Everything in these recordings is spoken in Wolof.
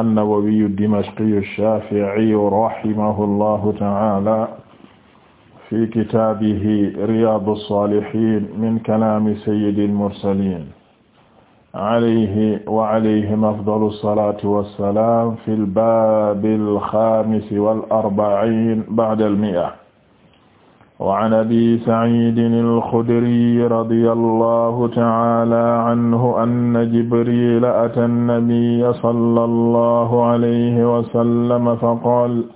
an-Nawawiyu ad-Dimashqiyu ash-Shafi'iyu rahimahu llahu ta'ala fi kitaabihi Riyaadu as-Saalihiin min kalaami sayyidil mursaliin alayhi wa alayhim afdalu as-salaatu was-salaam fil baabil xaamis wal arba'iin ba'dal mi'a waan abi saciidin alxudriy radi allahu taala aanhu anna jibrila ata annabiya sala allahu alayhi wasallama faqaal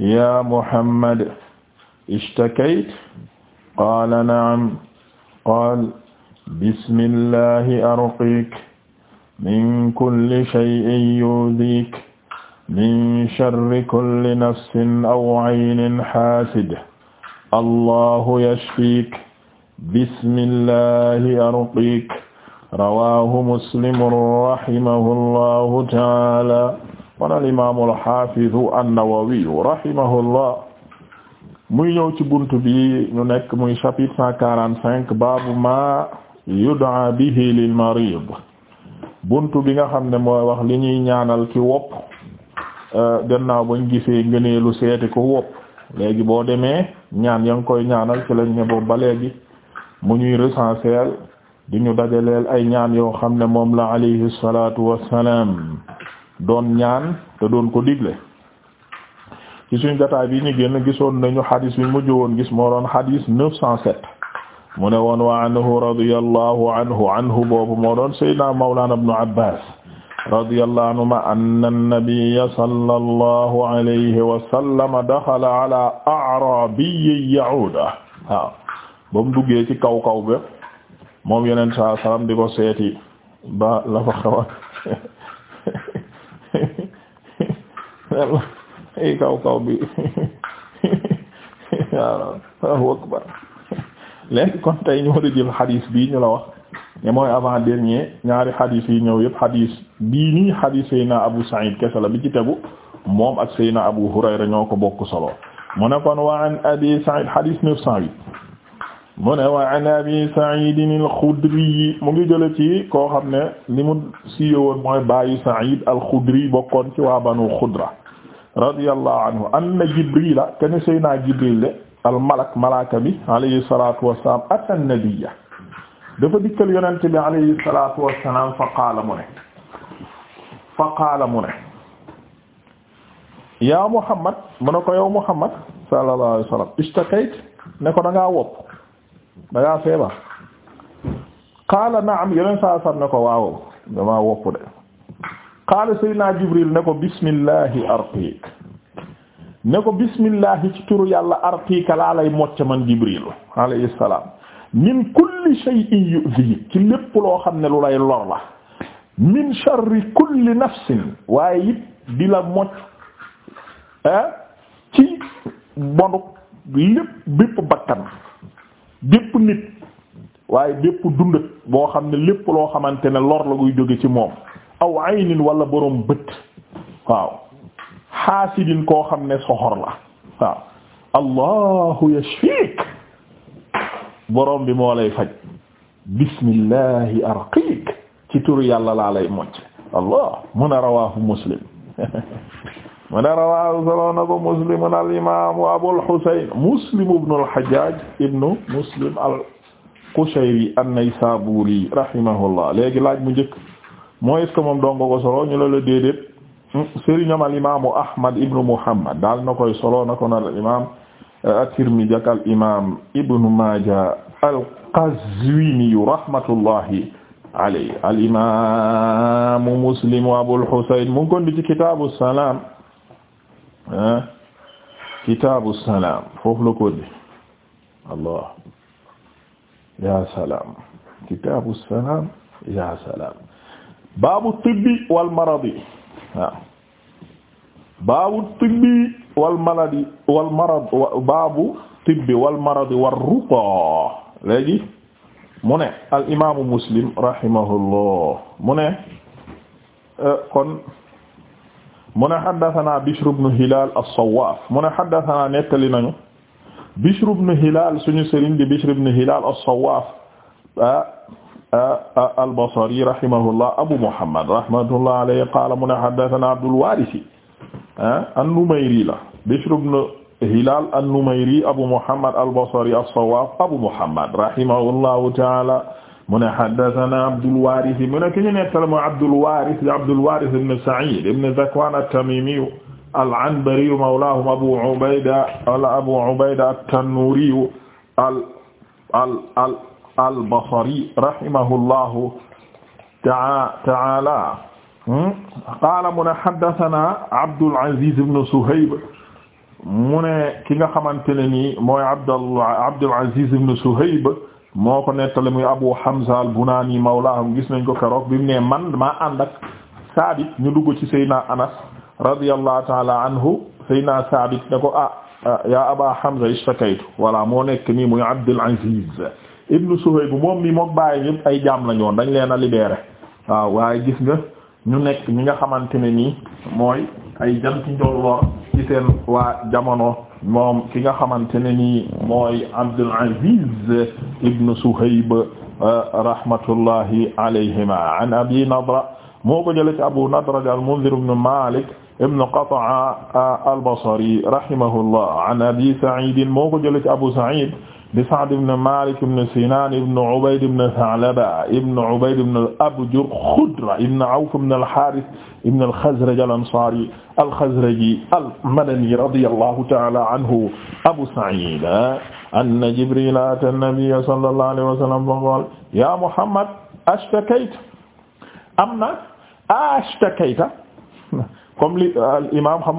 ya muhammad ishtakayt qaala nacam qaal bismillahi arqiik min kulli shay'in yuudiik min sharri kulli nafsin aw caynin xaasid allahu yashfiik bismillahi arqiik rawaahu muslim rahimahullahu taala kon al imaamu alxaafidu annawawiyu muy ñëw ci buntu bi ñu nekk muy chapitre cent quarante cinq baabu ma yudaa bihi lil marid buntu bi nga xam ne mooy wax li ñuy ñaanal ki wopp gannaaw bañ gisee ngëneelu seeti ko wopp léegi boo demee ñaan yaa ngi koy ñaanal ci lañ ne boobu ba léegi mu ñuy recenser di ñu dajaleel ay ñaan yoo xam ne moom la alayhi salaatu wassalaam doon ñaan te doon ko digle ci suñ gataay bi ñu génn gisoon nañu xadis bi mujj woon gis moo doon xadis neuf cent sept mu ne woon wa anhu radiyallahu anhu anhu boobu moo doon sayyidina mawlana ibnu abbas radiyallahu anhuma anna nabiyya sallallahu alayhi wa sallam daxala ala a'rabiyyin ya'uuda waaw ba mu duggee ci kaw kaw ba moom yeneen saa salaam di ko seeti ba la fa xawa i kaw kaw bi waaw akbar léegi kon tey ñu war a jël xadiis bii ñu la wax ne mooy avant dernier ñaari xadiis yi ñëw yëpp xadiis bii nii xadiis Seyna Abu Sa'id kese la bi ci tegu moom ak Seyna Abu Hurayra ñoo ko bokk solo mu ne kon wa an Abi Sa'id xadiis 908 mu ne wa an Abi Sa'id al-Khudri mu ngi jële ci koo xam ne li mu siiwee woon mooy baayu Sa'id al-Khudri bokkoon ci waa Banu Khudra radiyallahu anhu anna Jibrila kenn Seyna Jibril al-malak malaaka bi alayhi salaatu wa ata an dafa dikkal yonent bi alayhi salaatu wassalaam fa qaala mu ne fa qaala mu ne yaa Muhammad mu ne ko yow Muhammad sallallahu alayhi wasallam ishtakayt ne ko da wopp da feebar qaala na'am yonent saa sallam ne ko waaw damaa wopp de qaala sayyidina Jibril ne ko bismillahi arqiik ne ko bismillahi ci turu yàlla arqiika laa lay mocc man Jibril alayhi salaam min kulli shay'in yu'dhik ci lépp loo xam ne lu lay lor la min sharri kulli nafsin waaye it di la mocc ci bonuk lépp bépp bakkan bépp nit waaye bépp dund boo xam ne lépp loo xamante ne lor la guy jóge ci moom aw aynin wala boroom bët waaw xaasidin koo xam ne soxor la waaw allahu yashfik borom bi moo faj bismillahi arqiik ci turu yàlla laa lay allah mun a rawaahu muslim mun a rawaahu solo na ko al imaamu abul husayn muslim al hajjaaj al qushayri an-naysaburi rahimahullah léegi laaj mu njëkk mooy est-ce dongo solo ñu la la déedéet hmm? al imaamu ahmad ibnu muhammad daal na solo na al imaam at-Tirmidhi ak al imaam Ibn Maaja al-Qazwiini rahmatullahi alayhi al imaamu Muslim wa Abul Husayn mu ngi ko indi ci kitaabu salaam ah, kitaabu salaam foofu la ko indi Allah yaa salaam kitaabu salaam yaa salaam baabu tibbi wal maradi waaw baabu tibbi wal maladi wal marad baabu tibbi wal maradi war ruqaa léegi mu ne al imaamu muslim rahimahullah mu ne euh, kon mu ne haddathana Bishr ibn Hilal as-Sawwaf mu ne haddathana nettali nañu Bishr ibn Hilal suñu sëriñ di Bishr ibn Hilal as-Sawwaf euh, euh, al-Basri rahimahullah Abu Muhammad rahmatullah alayhi qaala mu ne haddathana Abdul Waaris an-Numayri la Bishr ibn Hilal an-Numayri Abu Muhammad al-Basri as-Sawwaf Abu Muhammad rahimahullahu ta'ala mu ne haddathana Abdul Waaris mu ne ki ñu nettale mooy Abdul Waaris Abdul Waaris ibn Sa'id ibn Zakwan at-Tamimi al-Anbari mawlahum Abu Ubayda wala Abu Ubayda at-Tannuri al al al al-Basri rahimahullahu ta'ala Hmm? qaala mu ne ki nga xamante ne nii mooy Abdul Abdul Aziz moo ko nettali muy Abu Hamza al-Bunani mawlaahum gis nañ ko keroog bi mu ne man maa ànd Saabit ñu dugg ci Seydina Anas radiyallahu ta'ala anhu Seydina Saabit ne ko ah yaa Aba Hamza ishtakaytu voilà moo nekk nii muy Abdul Aziz ibn Suhayb moom mi mook bàyyi ñëpp ay jaam lañu woon dañ leen a libéré waaw waaye gis nga. ñu nekk ñi nga xamante ne nii mooy ay janti njolloor ci seen waa jamono moom ki nga xamante ne nii mooy Abdul Aziz ibn Suhayb euh, rahmatullahi alayhima an Abi Nadra moo ko jële ci Abu Nadra al-Mundhir ibn Malik ibn Qata'a euh, al-Basri rahimahullah an Abi Sa'id moo ko jële ci Abu Sa'id di Sa'd ibn Malik ibn Sinan ibn Ubayd ibn Tha'laba ibn Ubayd ibn al-Abjar Khudra ibn Awf ibn al-Harith ibn al-Khazraj al-Ansari al-Khazraji al-Madani radiyallahu ta'ala anhu Abu Sa'id anna Jibril ata an-nabiy sallallahu alayhi wa sallam fa qala ya Muhammad ashtakayta am na ashtakayta comme li al imam xam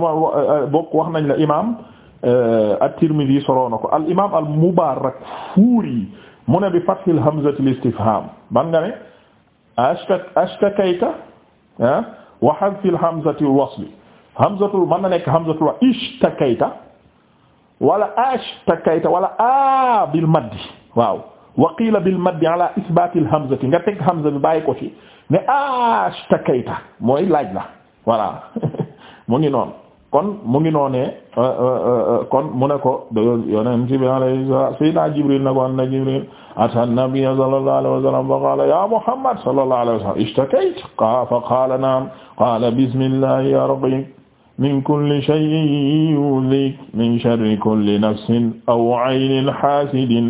bokk wax nañ la imam Euh, at-Tirmidhi soloo na ko al imaam al Mubarakfuri mu ne bi fathil hamzati al istifham man nga ne ashka ashtakayta ah wa hadfil hamzati al wasli hamzatul mën na nekk hamzatul ishtakayta wala ashtakayta wala a bil maddi waaw wa qila bil maddi ala isbati al hamzati nga teg hamza bi bàyyi ko ci ne ashtakayta mooy laaj la voilà mu ngi noonu kon mu ngi noonee euh, euh, euh, kon mu ne ko yonent bi alayhi sayyidina Jibril na ko anna Jibril ata nabiyya sallallahu alayhi wa sallam fa qala ya Muhammad sallallahu alayhi wa sallam ishtakayt qala fa qala na'am qala bismillahi arqik min kulli shay'in yu'dhik min sharri kulli nafsin aw 'aynin hasidin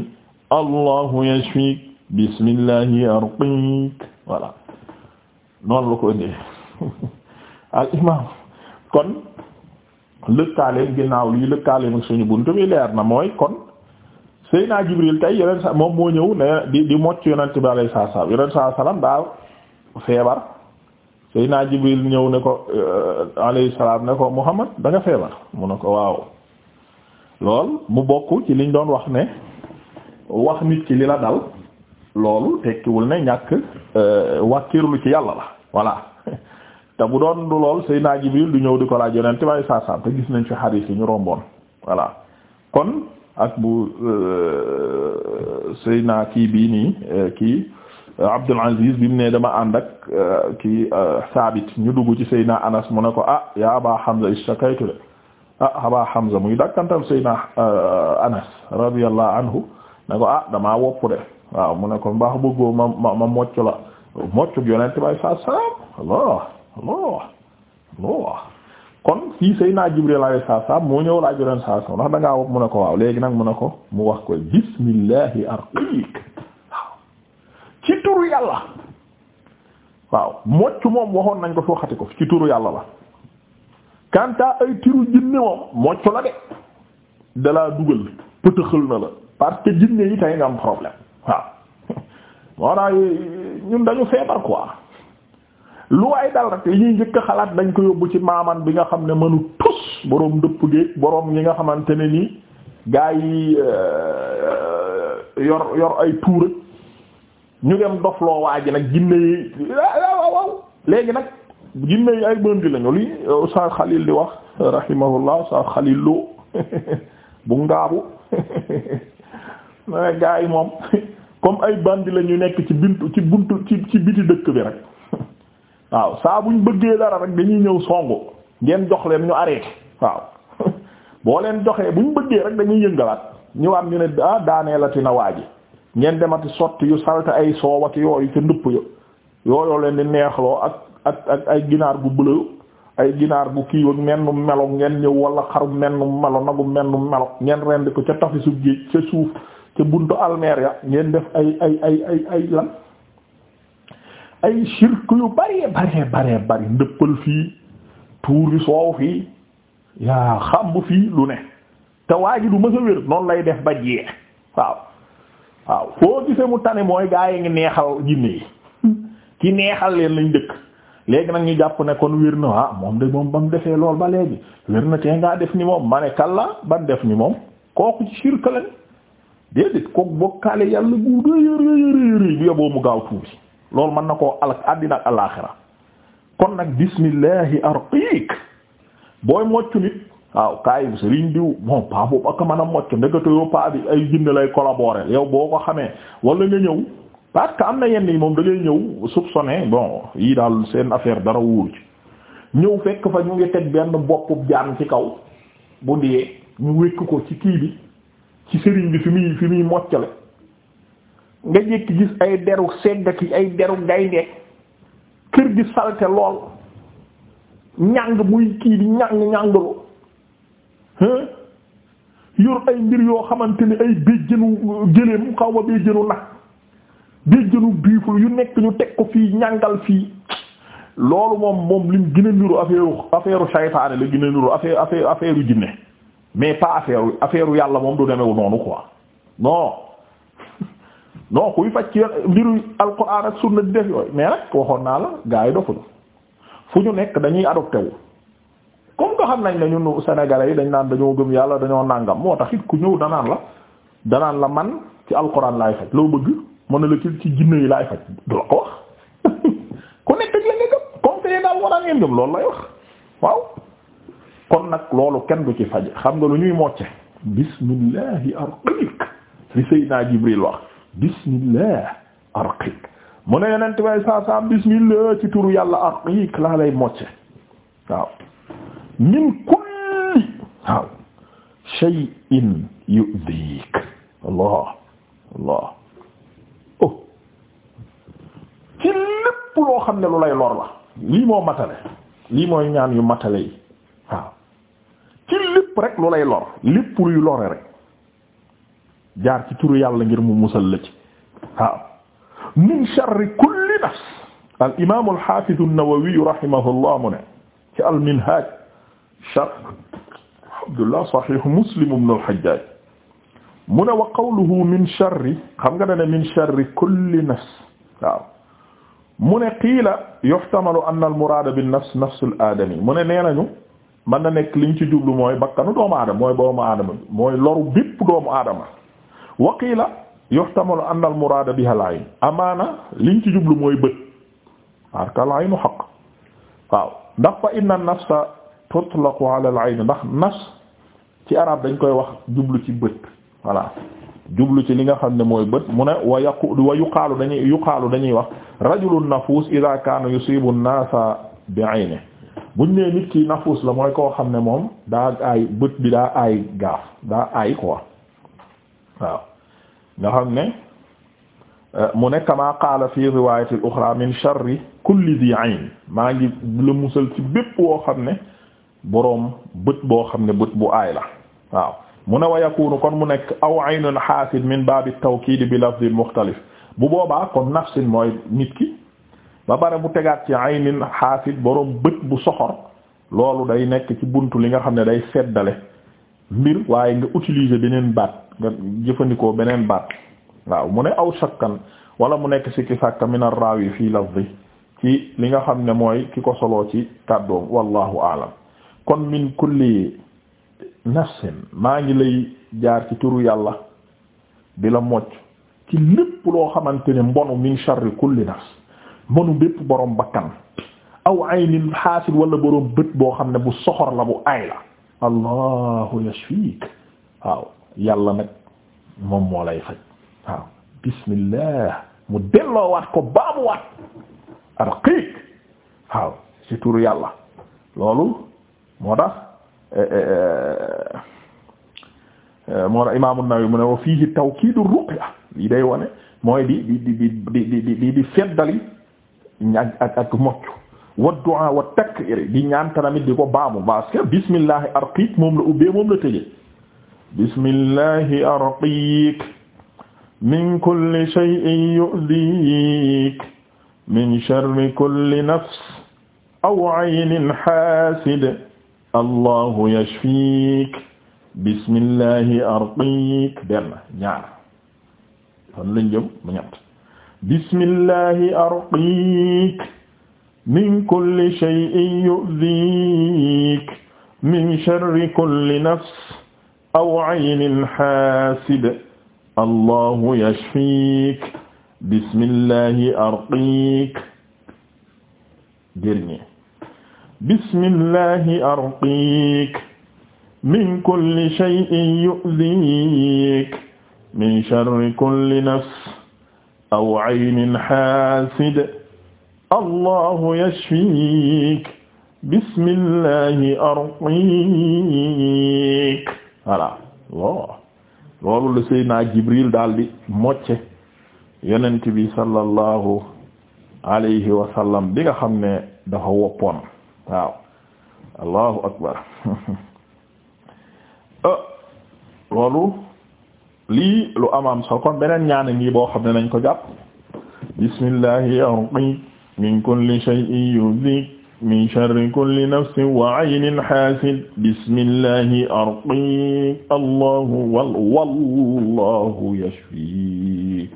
allahu yashfik bismillahi arqik voilà noonu la ko indee al imam kon lëkkaaleem ginnaaw lii lëkkaaleem suñu buntu bi leer na mooy kon Seyna Jibril tey yeneen sa moom moo ñëw ne di di mocc yonent bi alayhi salaam yonent saa salaam daa feebar Seyna Jibril ñëw ne ko euh, alayhi salaam ne ko Muhammad da nga feebar mu ne ko waaw lool mu bokk ci liñ doon wax ne wax nit ki li la dal loolu tekkiwul ne ñàkk euh, wàkkirlu ci yàlla la voilà te bu doon du lool Seydina Jibril du ñëw di ko laaj yonent waaye saa saa te gis nañ fi xadiis yi ñu romboon voilà kon ak bu euh, Seydina kii bii nii euh, kii euh, Abdul Aziz bi mu ne dama ànd kii Saabit ñu dugg ci Seydina Anas mu ne ko ah yaa Aba Hamza ishtakaytu de ah Aba Hamza muy dakkantal Seydina Anas radiyallahu anhu ne ko ah damaa wopp waaw mu ne ko mbaax bëggoo ma ma ma mocc la moccu yonent Allah Allah Allah kon fii Seydina Jibril alayhi saa moo ñëw laaj Yonent saa salaam ndax da ngaa wax mu ne ko waaw léegi nag mu ne ko mu wax ko bismillahi arqiik waaw ci turu yàlla waaw mocc moom waxoon nañ ko foo waxati ko ci turu yàlla la kanta ay tiru jinne moom mocc la de dalaa dugal pëtëxël na la parce que jinne yi tey nga am problème waaw moo naa ñun dañu feebar quoi lu waay dal rek li ñuy njëkk xalaat dañ ko yóbbu ci maaman bi nga xam ne mënu tus boroom dëpp géej boroom yi nga xamante ne nii gaa yi euh, yor yor ay tuur ñu dem dofloo waa ji nag ginne yi léegi nag ginne ay bëndi lañu li Oustaz Khalil di wax rahimahullah Oustaz Khalil Lo bu ngaabu gaa yi moom comme ay bandi la ñu nekk ci bintu ci buntu ci ci biti dëkk bi rek waaw saa bu ñu bëggee dara rek dañuy ñëw songu ngeen jox leen ñu arrêté waaw boo leen joxee buñ bëggee rek dañuy yëngalaat ñëwaat ñu ne ah daaneelati na waa yi ngeen demati sotti yu salte ay soow ak yooyu ca ndëpp yo yooyu leen di neexloo ak ak ak ay ginaar gu bleu ay ginaar gu kii ak mennu melo ngeen ñëw wala xaru mennu melo nagu mennu melo ngeen rendi ko ca tafisu géej ca suuf ca buntu almeer ya ngeen def ay ay ay ay ay lan ay shirk yu bëree bëree bëree bëri ndëppal fii tuuri soow fii yaa fii lu ne te waa ji du mës wér noonu lay def ba jiyee waaw waaw foo gisee mu tane mooy gaa yi ngi neexal jinne yi ki neexal leen lañ dëkk léegi nag ñu jàpp ne kon wér na ah moom de moom ba mu defee lool ba léegi wér na tee ngaa def ni moom ma ne kalla ban def ni moom kooku ci shirk lañ déedéet kooku bokkaale yàlla bu rëy rëy rëy bi yoboo mu gaaw tuubi loolu mën na koo al àddina ak alaaxira kon nag bismillahi arqiik booy moccu nit waaw kaay sëriñ diw bon paa boobu ak mën a moccu ndekete yoo paa bi ay jinne lay collaborer yow boo ko xamee wala nga ñëw parce que am na yenn yi moom da ñëw soupçonné bon yii daal seen affaire dara wóoru ci ñëw fekk fa ñu ngi teg benn boppub jaan ci kaw bu diyee ñu wékk ko ci kii bi ci sëriñ bi fi muy fi muy moccale nga jékki gis ay deru seggati ay deru gaynde kër gi salte lool ñàng muy kii di ñàng ñàngalu yor ay mbir yoo xamante ni ay béjjënu géléem xaw ma béjjënu nag béjjënu biiful yu nekk ñu teg ko fii ñàngal fii loolu moom moom lim gën a niru affaire affaire saytaane la gën a niru affaire affaire affaire jinne mais pas affaire affaire yàlla moom du demewu noonu ko non non kuy faj ci mbiru alquran ak sunna di def yooyu mais nag waxoon naa la gaa yi dofuñu fu ñu nekk dañuy adopté wu comme ko xam nañ ne ñun sénégalais yi dañ naan dañoo gëm yàlla dañoo nàngam moo tax it ku ñëw danaan la danaan la man ci alquran laay faj loo bëgg mën na la ci ci jinne yi laay faj du la ko wax ku nekk ak gëm comme que daal war a ngeen gëm loolu lay wax waaw kon nag loolu kenn du ci faj xam nga lu ñuy mocce bismillahi arqiq li Seydina wax bismillah arqiq mu ne yonent way saa saam bismillah ci turu yàlla arqiq laa lay mocce waaw min kulli waaw shay'in yu'dhik allah allah oh ci lépp loo xam ne lu lay lor la lii moo matale lii mooy ñaan yu matale yi waaw ci lépp rek lu lay lor lépp luy lore rek jaar ci turu yàlla ngir mu musal la ci waaw min sharri kulli nafs al imam al hafiz an-nawawi rahimahullah mu ne ci al minhaj sharh abdullah sahih muslim ibn al hajjaj mu ne wa qawluhu min sharri xam nga dane min sharri kulli nafs waaw mu ne qiila yuhtamalu anna al muraada bin nafs nafs al aadami mu ne nee nañu mën na nekk liñ ci jublu mooy bakkanu doomu aadama mooy doomu aadama mooy loru bépp doomu aadama waqiila yuhtamalu anna al muraada biha al ayn amaana liñ ci jublu mooy bët parce que al aynu xaq waaw ndax fa inna nafsa tutlaqu ala al ayn ndax nafs ci arab dañ koy wax jublu ci bët voilà jublu ci li nga xam ne mooy bët mu ne wa yaqu wa yuqaalu dañuy yuqaalu dañuy wax rajulun nafuus ida kaana yusibu an-naasa bi ayni buñ nee nit ki nafuus la mooy koo xam ne moom daa aay bët bi daa ay gaaf daa aay quoi waaw nga xam ne euh, mu ne kama qaala fi riwayatil uxra min sharri kulli di ayn maa ngi la musal ci bépp woo xam ne boroom bët boo xam ne bët bu aay la waaw mu ne wa yakunu kon mu nekk aw aynun xaasid min baabi tawkiid bi lafdin muxtalif bu boobaa kon nafsin mooy nit ki ba bare bu tegaat ci aynin xaasid boroom bët bu soxor loolu day nekk ci buntu li nga xam ne day seddale mbir waaye nga utilise beneen baat nga jëfandikoo beneen baat waaw mu ne aw shakkan wala mu nekk sikki sàkka min ar-rawi fii lafzi ci li nga xam ne mooy ki ko soloo ci kàddoom wallahu aalam kon min kulli nafsin maa ngi lay jaar la mocc ci loo xamante ne mbonu min sharri kulli nafs mbonu bépp boroom bakkan wala boroom bët boo xam ne bu soxor la bu aay yashfiik waaw yàlla nag moom moo lay faj waaw bismillah mu delloowaat ko baamuwaat arqiik waaw ci turu yàlla loolu moo tax eh, eh, eh, moo tax imaamu Nawawi mu ne wa fiihi tawkiidu ruqya lii day wone mooy di di di di di di di di feddali ak ak ak mocc wa du'a wa takbir di ñaan tamit di ko baamu parce que bismillahi arqiik moom la ubbee moom la tëjee bismillahi arqiik min kulli shay'in yu'diik min sharri kulli nafs aw aynin haasid allahu yashfiik bismillahi arqiik benn ñaar fan lañ jëm mu ñett bismillahi arqiik min kulli shay'in yu'diik min sharri kulli nafs aw aynin xaasid allahu yashfiik bismillahi arqiik dernier bismillahi arqiik min kulli shay'in yu'ziik min sharri kulli nafs aw aynin xaasid allahu yashfiik bismillahi arqiik voilà lo loolu la Seydina Jibril daal di mocce yonent bi sallallahu alayhi wa sallam bi nga xam ne dafa woppoon waaw allahu akbar ah, loolu lii lu amaam so kon beneen ñaani ngi boo xam ne nañ ko jàpp bismillahi arqi min kulli shay'in yuzik min sharri kulli nafsin wa aynin haasid bismillahi arqiik allahu wallahu yashfiik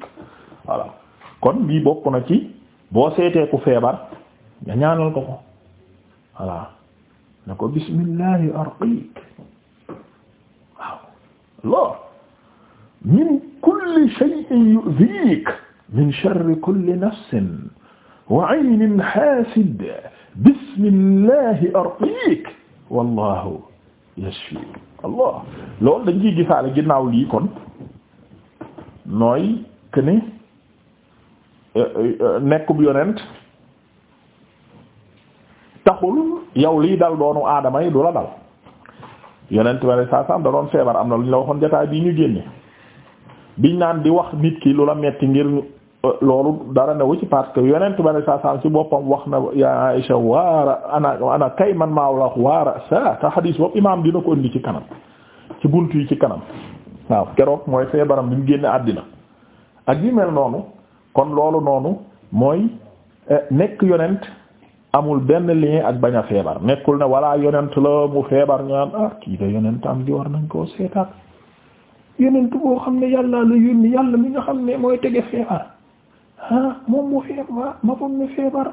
voilà kon bii bokk na ci boo seetee ku feebar nga ñaanal ko ko voilà na ko min kulli shay'in yu'ziik min sharri kulli nafsin wa aynin xaasid bismillahi arqiik wallahu yashfi allah loolu dañ ciy gisaale ginnaaw lii kon nooy que ni euh, euh, nekkub yonent taxul yow lii dal doonu aadama yi du la dal yonent ba ne saa saam da doon feebar am na lu ñu la waxoon jotaay bii ñu génne biñ naan di wax nit ki lu la metti ngir loolu dara newu ci parce que yonent ba ne saa saa ci boppam wax na ya Aïsha waara ana ana kay man maa wax waara sa te xadiis boobu imaam dina ko indi ci kanam ci bunt yi ci kanam waaw keroog mooy feebaram bi mu génne àddina ak yi mel noonu kon loolu noonu mooy eh, nekk yonent amul benn lien ak bañ a feebar nekkul ne walla yonent la mu feebar ñu naan ah, kii de yonent am di war nañ koo seetaat yonent boo xam ne yàlla la yónni yàlla mi nga xam ne mooy tege ah moom mu feebar ma foog ne feebar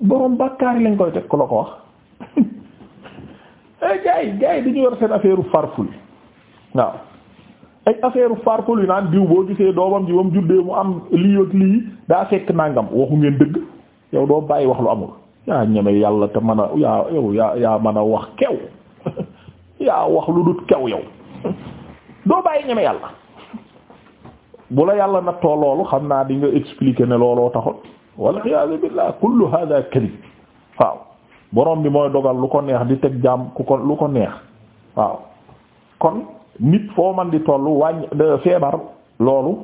borom bàkkaar lañ koy teg ku la ko wax ay eh, gars yi gars yi dañu yor seen affaire farful waaw ay affaire farful yu naan diw boo gisee doomam ji ba mu juddee mu am lii ak lii daa fekk nangam waxu ngeen dëgg yow doo bàyyi wax lu amul yaa ñeme yàlla te mën a yaa yow yaa yaa mën a wax kew yaa wax lu dut kew yow doo bàyyi ñeme yàlla. bu la yàlla nattoo loolu xam naa di nga expliquer ne looloo taxoon wal iyaazu billah kullu hada kadib waaw borom bi mooy dogal lu ko neex di teg jàmm ku ko lu ko neex waaw kon nit foo man di toll wàññ feebar loolu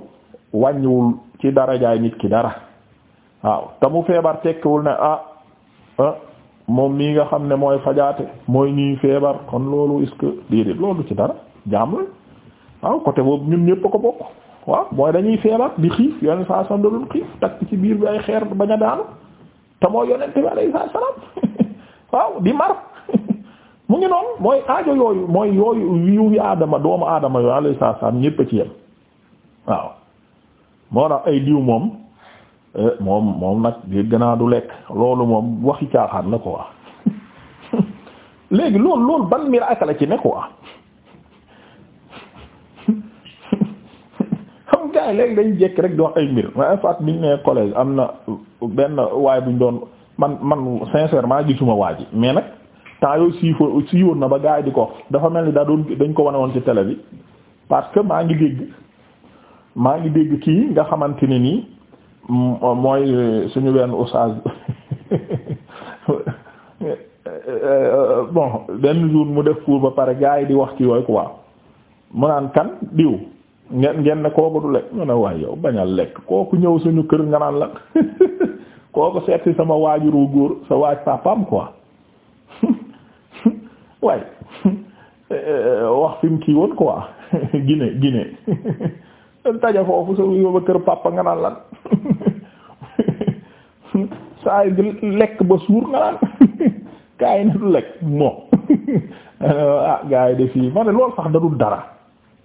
wàññiwul ci darajaay nit ki dara waaw te mu feebar tekkiwul ne ah, ah moom mii nga xam ne mooy fajaate mooy nii feebar kon loolu est-ce que déedéet ci dara jaam la boobu ñun ñépp ko bokk waaw mooy dañuy feebar di xiif yonent saa salaam da doon xiif takk ci biir bi ay xeer bañ a daanu te moo yonent bi alayhi salaam waaw di mar mu ngi noonu mooy aajo yooyu mooy yooyu yu aadama doomu aadama yooyu alayhi salaam ñépp a ci yem waaw moo tax ay diw moom eh, moom moom nag dégg naa du lekk loolu moom waxi caaxaan la quoi léegi loolu loolu ban miracle la ci ne quoi. gars yi léegi dañu jekk rek doon ay mbir ma faat biñ ne collège am na benn waay bu buñ doon man man sincèrement gisuma waa ji mais nag temps yooyu siifoo siiwoon na ba gars yi di ko dafa mel ni daa doon dañ ko wane woon ci télé bi parce que maa ngi dégg maa ngi dégg kii nga xamante ne nii mooy suñu benn oustaz bon benn jour mu def pour ba pare gars yi di wax ci yooyu quoi mu naan kan diw. ngeen ngeen ne kooku du lekk ñu ne waaye bañal lekk kooku ñëw suñu kër nga naan la kooku seet sama waajuru góor sa waaj papaam quoi waaye eh, wax fi kii woon quoi Guinée Guinée taja foofu sa yóbba kër papa nga naan lan saa yi lekk ba suur nga naan gaa yi ne du lekk moo ah gaa yi de fii ma loolu sax da dara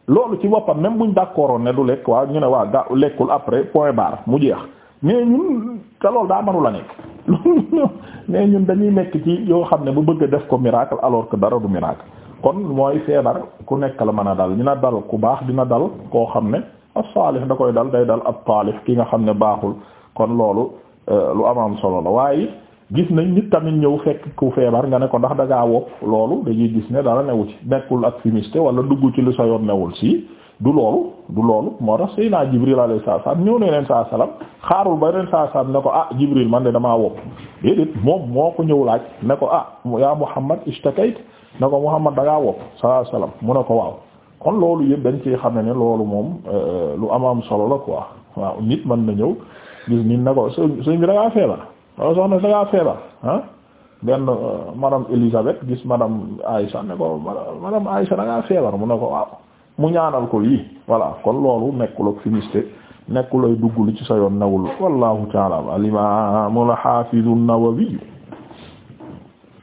loolu ci boppam même buñ d'accordoon ne du lekk waaw ñu ne waa ga lekkul après point barre mu jeex mais ñun te loolu daa mënu la nekk mais ñun dañuy nekk ci yoo xam ne bu bëgg def ko miracle alors que dara du miracle kon mooy feebar ku nekk la mën a dal dina dal ku baax dina dal koo xam ne as-salih da koy dal day dal ab taalif ki nga xam ne baaxul kon loolu euh, lu am am solo la waaye gis nañ nit tamit ñëw fekk ku feebar nga ne ko ndax da ngaa wopp loolu dañuy gis ne dara newu ci nekkul ak fumiste wala dugg ci lu sa yoon newul si du loolu du loolu moo tax Seydina Jibril alayhi salaam ñëw ne leen saa salaam xaarul ba leen saa salaam ne ko ah Jibril man de damaa wopp déedéet moom moo ko ñëw laaj ne ko ah yaa Muhammad ishtakayt ne ko Muhammad da ngaa wopp saa salaam mu ne ko waaw kon loolu yëpp dañ ci xam ne ne loolu moom euh, lu am am solo la quoi waaw mën na ñëw na ko da ngaa waaw soxna sa ngaa feebar ah benn uh, madame Elisabeth gis madame Aïcha ne ko madame Aïcha da feebar mu ne ko waaw mu ñaanal ko lii wala kon loolu nekkul ak finiste nekkul ay ci sa yoon nawul wallahu ta'ala al imam al hafiz